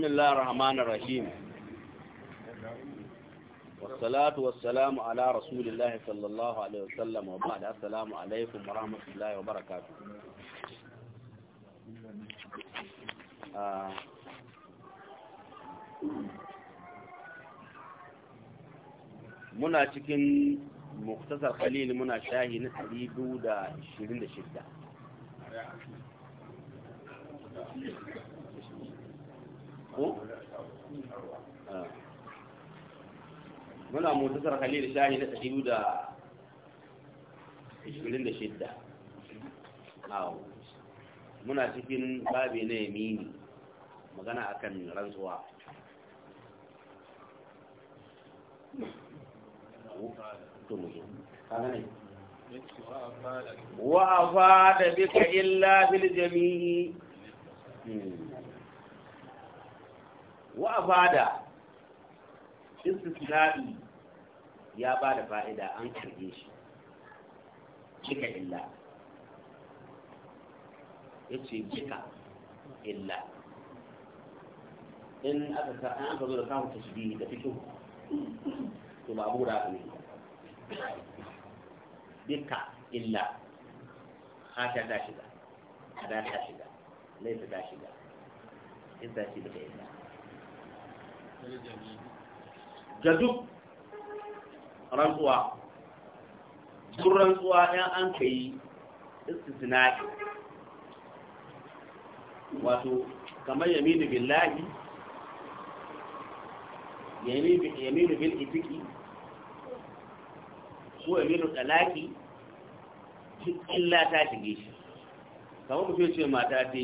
بسم الله الرحمن الرحيم والصلاة والسلام على رسول الله صلى الله عليه وسلم وبعد السلام عليكم ورحمة الله وبركاته آه. مختصر خليل منا شاهي muna shahi na الشدة Ah. muna mutasar halil shahi na ɗari da ishirin da shidda muna cikin babi na yamini magana akan rantsuwa wa afada bika illa bil jami'i hmm. wa abada istisna'i ya ba da fa'ida an karge shi cika illa ya ce cika illa in aka sa an aka zo da samun tashbihi da fito to ba abu da aka ne duka illa hata ta shiga hada ta shiga laifi ta shiga in ta shi da illa ga duk rantsuwa duk rantsuwa ɗan an ka yi istisna'i wato kamar yaminu billahi yaminu bil itiki ko yaminu talaki illa ta shige shi kamar ku ce mata ce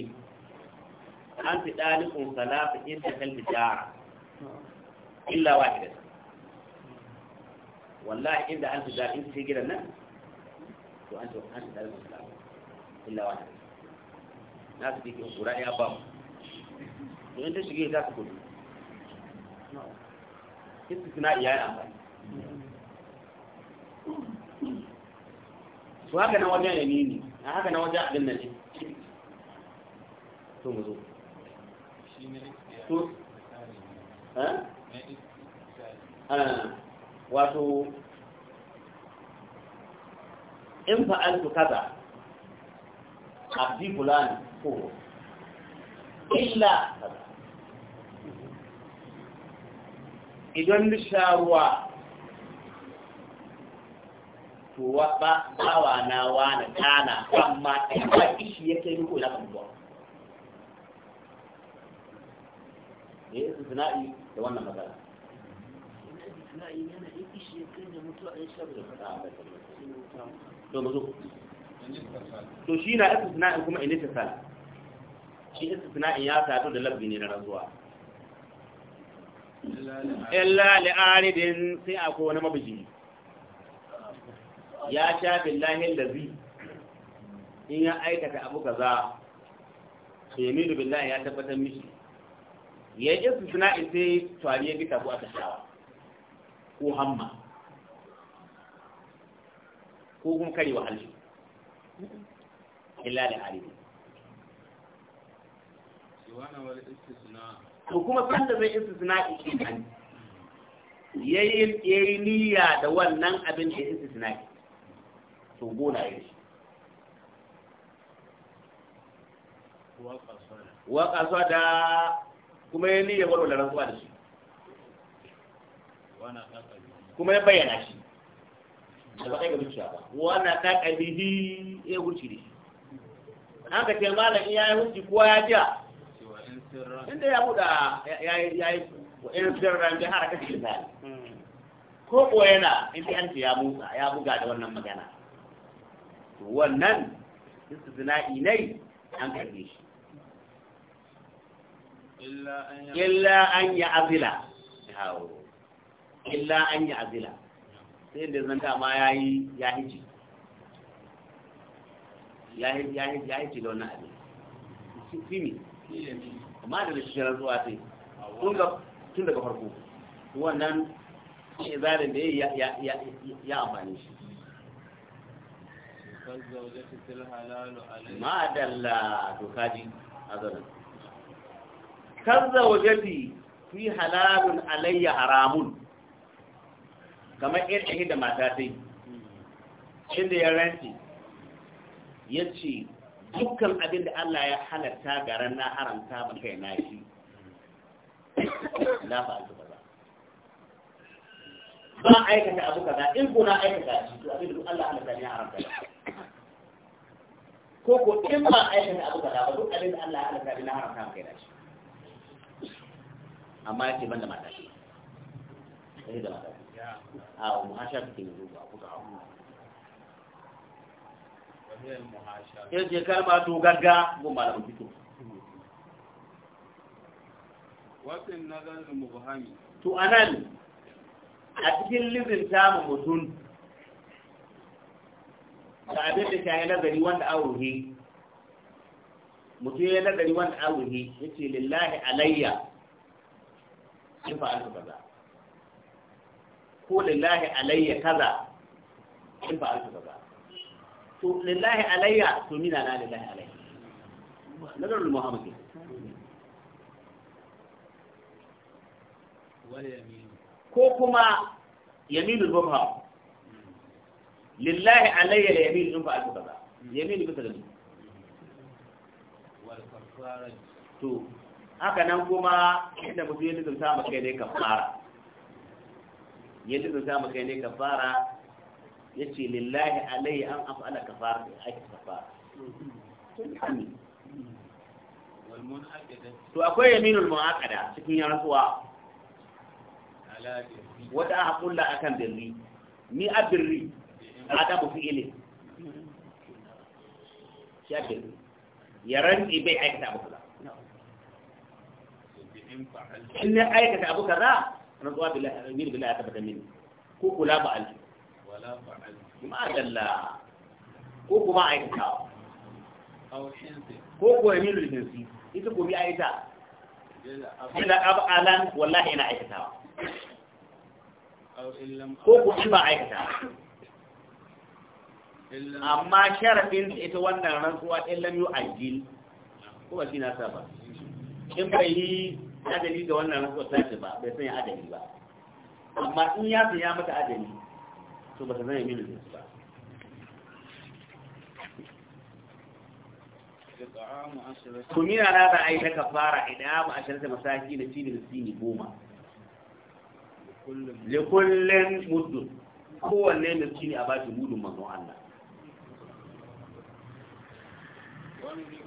an fi ɗalikun salatu inda kalbi jara illa wahida wallahi inda an tuzar in ce gidan nan to an tuzar an tuzar musulama illa wahida na su cikin kura ya ba mu to in ta shige za su kudu kisu suna iya yana amfani su haka na wajen yamini a haka na wajen abin nan ne to mu zo to Ah. wato in fa'altu kaza abdi fulani ko illa kaza idan nisha ruwa tuwa ba bawa na wani tana amma ɗaya ishi ya kai riko na kan zuwa ya su sina'i da wannan matsala to to shi na istisna'in kuma in ittisal shi istisna'in ya sadu da labbi ne na rantsuwa illa li aridin sai a ko na mabiji ya sha billahi allazi in ya aikata abu kaza yamilu billahi ya tabbatar mishi ya yi suna sai tari ya bi tabu a tashawa ko hamma ko kuma wa halshe illa da halibi ko kuma da zai suna ike nan ya yi niyya da wannan abin da ya suna istisna to gona ya shi kasuwa da kuma ya niyya walwala rantsuwa da shi kuma ya bayyana shi da ba kai ga zuciya ba wana ta kalihi ya wuce. da shi an ka ce malam in yayi hurci kowa ya jiya inda ya huda ya yi wa'in sirran bi haraka shi zai ko ko yana in an ya musa ya buga da wannan magana to wannan istisna'i ne an karbe shi illa an ya azila illa an ya azila sai da zanta ma ya yi ya hiji ya hiji da wannan abin fimi amma da shi shirar zuwa sai tun daga farko wannan zarin da ya ya amfani shi ma dalla dokaji a zanen kanza zaujati fi halalun alayya haramun kamar yadda ya da mata dai inda ya ranci ya ce dukkan abin da Allah ya halatta garan na haramta ba kai na shi na ba su ba ba aikata abu kaza in kuna aikata shi to abin da Allah halatta ne haramta ko ko in ba aikata abu kaza ba duk abin da Allah halatta ne haramta kai na shi amma ya ce ban da mata shi sai da matashi a muhasha kake yanzu ba kuka hawa ya ce kalma to gagga mun malamin fito wasin mu mubhami to anan a cikin libin tamu mutum ta abin da shayi nazari wanda auruhi mutum ya nazari wanda auruhi ya ce lillahi alayya in fa'altu kaza ko lillahi alayya kaza in fa'altu kaza to lillahi alayya to mina na lillahi alayya nazar muhammadi ko kuma yaminul mubham lillahi alayya la yamin in fa'altu kaza yamin bisa da to haka nan kuma inda mutum ya lizunta maka ne kafara ya lizunta maka ne kafara ya ce lillahi alayhi an af'ala kafara da ake kafara to akwai yaminul mu'aqada cikin rantsuwa wata aka kulla akan birri ni a birri adamu fi ilin ya birri yaran rantsi bai aikata ba in na aikata abu kaza rantsuwa billahi billahi ya tabbata mini ko kula ba alfi wala ba alfi ma dalla ko kuma aikatawa ko ko yamilu jinsi ita ko bi aita ila abalan wallahi ina aikatawa ko ko ba aikatawa amma sharafin ita wannan rantsuwa ɗin lam yu'ajjil ko ba shi na saba in bai yi adali da wannan rantsuwar tashi ba bai sanya adali ba amma in ya sanya mata adali to ba ta zama mini su ba kumina na da ai ka fara idan a shirta masaki na cini da cini goma lekullin muddun kowanne da cini a bashi mudun mazo Allah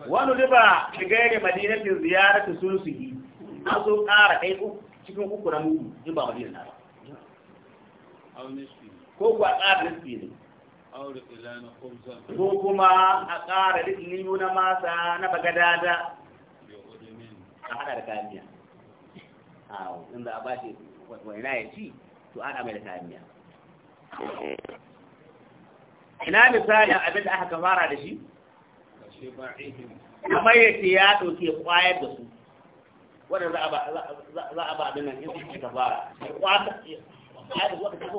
wani riba shiga yake madinatin ziyarar su sun su yi na so ƙara ku cikin uku na mudu in ba madina na ba ko kuwa ƙara nisfi ne ko kuma a ƙara nisfi na masa na bagadada a hada da kamiya miya in za a ba shi wani na ya ci to haɗa mai da kayan miya ina misalin abin da aka fara da shi kamar yake ya ɗauke kwayar da su wannan za a ba abin nan in suke ta fara ya kwata ya zuwa ta ko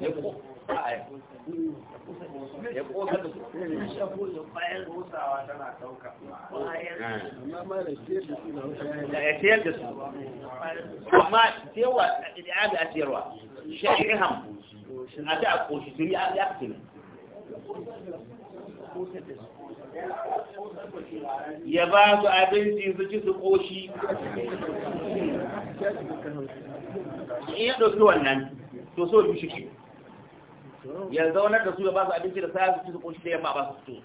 ya ko ya ko ta ko eh. ya ko ya bayan rusawa tana dauka amma da siyar da su amma siyarwa da ya ga siyarwa shari'an a ta koshi turi ya fitina ya ba su abinci su ci su koshi in ya ɗauki wannan to so biyu shi ya zaunar da su ya ba su abinci da sa su ci su koshi da yamma ba su to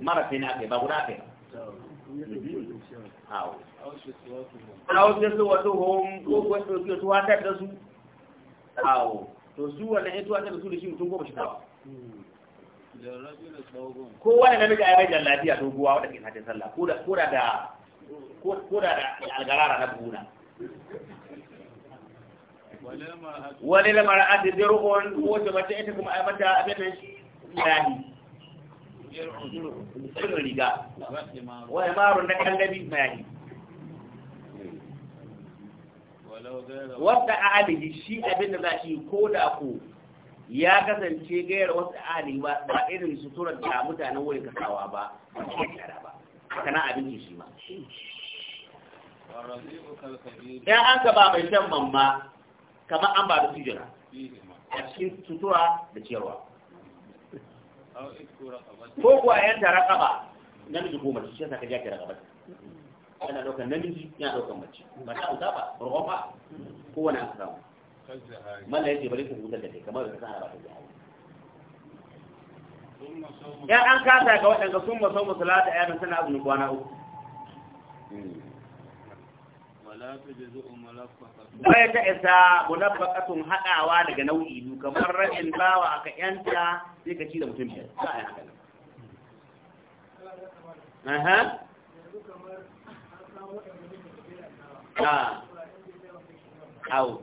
mara fi na kai ba guda fi a wasu su wato home ko kuwa ɗauki su hatar da su awo to su wannan ya tuwatar da su da shi mutum goma shi kawo kowa ne namiji ai da lafiya doguwa wadda ke hajjin sallah ko da ko da da ko da da algarara na buna wani da mara'ati zirhun wace mace ita kuma ai mata abin yayi sirrin riga wai marun da kallabi mai wadda a alihi shi abin da za shi ko da ko ya kasance gayar wasu ahali ba ba irin suturar da mutanen wurin kasawa ba ba ba kana abinci shi ma ya an ka ba mai shan mamma kamar an ba da sujira a cikin sutura da ciyarwa ko kuwa yan tara kaba namiji ko mace shi yasa ka jaki rakaba yana daukan namiji yana daukan mace ba ta uta ba rokon ba kowane an samu mala yake bari ku hutar da kai kamar da ka san ba ta jihar ya an kasa ga waɗanda sun ba sau musulata ya nan tana azumin kwana uku Baya ta isa munabbakatun haɗawa daga nau'i biyu kamar ra'in bawa aka yanta sai ka ci da mutum biyar. Aha. Ah. Au.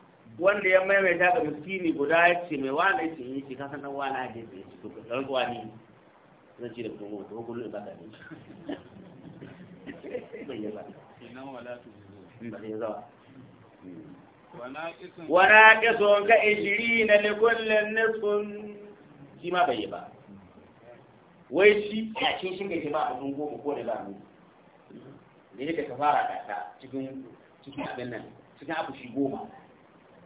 wanda ya maimaita ga miskini guda ya ce mai wani ce yi ce kasan dan wani hadin da ya ce kuka ɗan kuwa ne zan ce da kuma wata ko kullum ba ka ne bai yi ba bai yi zawa wana kisun ka ishiri na likullin nufin shi ma bai yi ba wai shi a cikin shi ne shi ba a dungo ko da ba mu ne ne ka fara ta cikin abin nan cikin abu shi goma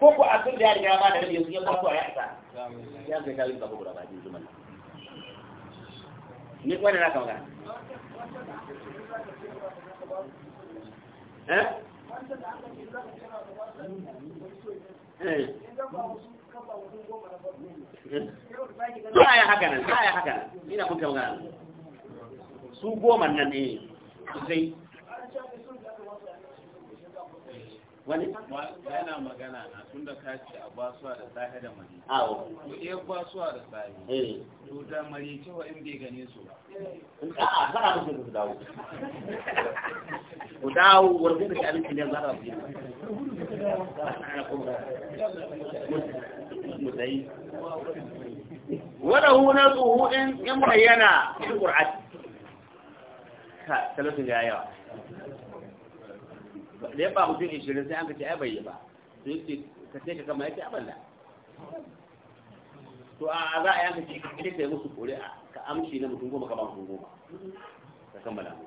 koko a abin da ya riga ba da rabi yanzu ya kwato a ya isa ya zai ta yi ka bugu da bakin zuman ni ko na kama gana eh ba eh. ya haka nan ba ya haka nan ina kun kama gana su goma nan ne sai wani yana magana a tun da kaci a basuwa da sahi da mari awo iya eh, basuwa da sahi eh. to da mari cewa in bai gane su ba a'a fara musu su dawo ku dawo wurin da abinci ne zara biyu mu dai wala hu na tsuhu in bayyana in ka talatin ga yawa da ya ba mutum inshirin sai an ka ce ya bai yi ba sai ce ka ce ka kama ya ce balla to a za a yanka ce ka kai musu kore ka amshi na mutum goma ka ba mutum goma ka kammala mu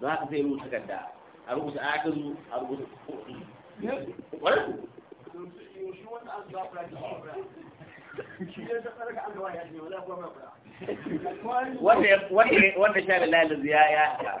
don haka sai rubuta takarda a rubuta zu a rubuta kwarai wanda sha lalazi ya ya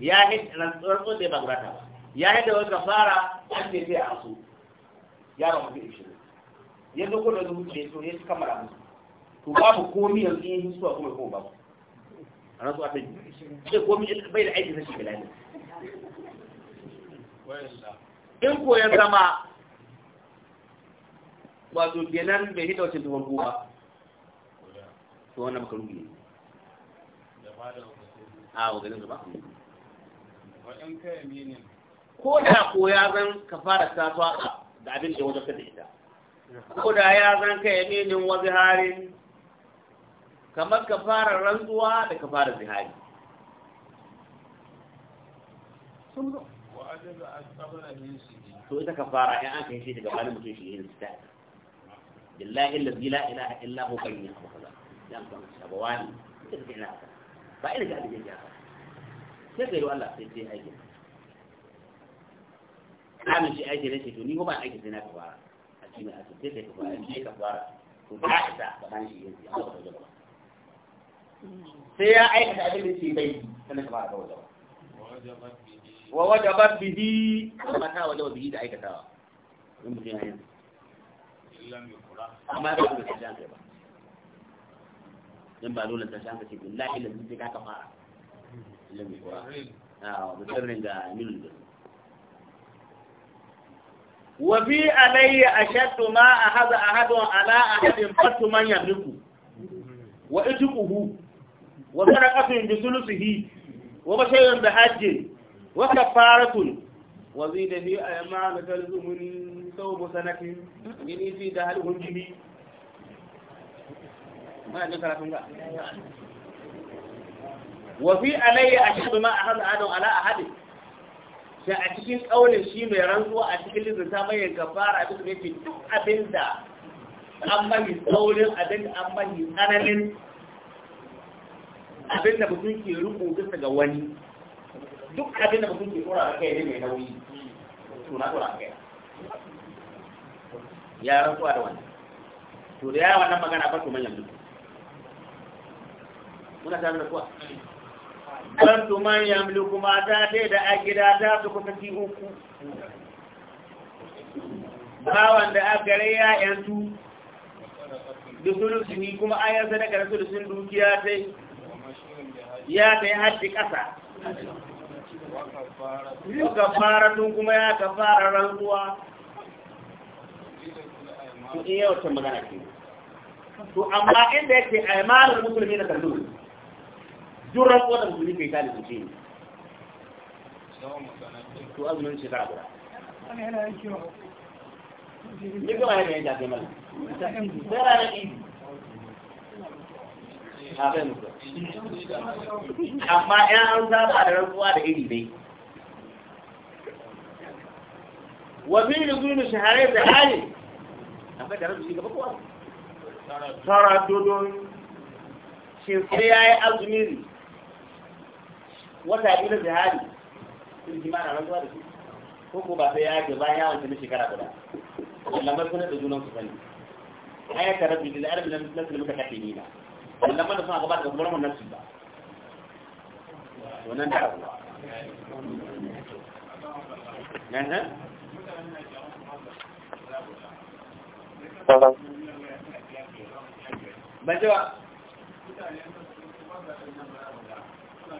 ya yi rantsuwar da ba gurata ba ya yi da wata fara an da zai a su yaron mutum ishirin ya zo da mutum da ya so ya su kammala musu to babu komi yanzu in yi suwa kuma kuma babu a rantsu a yi sai komi bai da aiki sashi bilani in ko ya zama wato kenan bai hita wacce tuwon kuma to wannan makarubi ne a wajen gaba ko da ko ya zan ka fara ta tsaka da abin da wajen da ita ko da ya zan ka yi yaminin wa ziharin kamar ka fara rantsuwa da ka fara zihari to ita ka fara ya an kai shi daga wani mutum shi yin sita billahi allazi la ilaha illa hu bayyin abu kaza dan ban sabawani ba ina ga abin da ya sai bai Allah sai sai aiki kamin shi aiki ne ce to ni ko ba aiki sai na ka fara a cikin asibiti sai ka fara sai ka fara to ba isa ba dan shi yanzu Allah ba ba sai ya aikata abin da ke bai sannan ka fara wajaba wa wajaba bihi amma ta wajaba bihi da aikatawa in mutum ya yanzu amma ba ku da shi an kai ba in ba dole ta shi an kai billahi lalle sai ka fara ilmi kuwa a mutarrin ga aminu da alayya a shaɗu ma a haza a haɗon ala a haɗin fatu manyan nuku wa itukuhu wa sarakatun bi sulusihi wa bashayun da hajji, wa kafaratun wa zida fi ayyamanu talzumin saubu sanakin yini fi da halin hunjimi ma da karatun ga wa fi alayya ashhadu ma ahad adam ala a haɗe shi a cikin kaulin shi mai rantsuwa a cikin lizinta mai gafara duk ne ce duk abin da an mahi kaulin abinda an mahi tsananin abinda mutum ke rubuta daga wani duk abinda mutum ke tsora a kai ne mai nauyi suna tsora a kai ya rantsuwa da wani to da yawa wannan magana ba su manyan mutum muna tare da kuwa kantu man kuma ta ce da a gida ta su kusa ci uku bawan da aka rai ya'yansu da sulusu ni kuma ayan sadaka da sulusun dukiya ta ya ta yi haddi ƙasa Suka fara tun kuma ya ka fara rantsuwa. Su iya wata magana ke. To amma inda yake aimanin musulmi na kandu. duk rantsuwa da musulmi kai ta lalace ne to azumin shekara guda ne gaba ne da ya jafe mana sai ranar idi amma yan an saba da rantsuwa da iri dai وفي لزوم شهرين بحالي أفاد رجل شيء بقوة تردد شنسي أي أزميري wata biyu na zihari sun ji mana zuwa da shi ko ko ba sai ya ke bayan yawon na shekara guda ba kuna da junan su sani ta rabbi da arbi lam taslim ka katinina wannan mana sun gaba da gurbin nan su ba nan da Allah eh ba jawa Eh.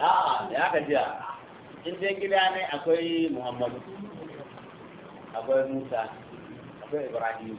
A'a da haka jiya, in dai gida ne akwai Muhammadu, akwai Musa, akwai Ibrahim,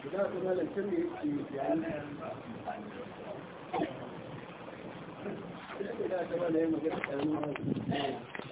Thank you.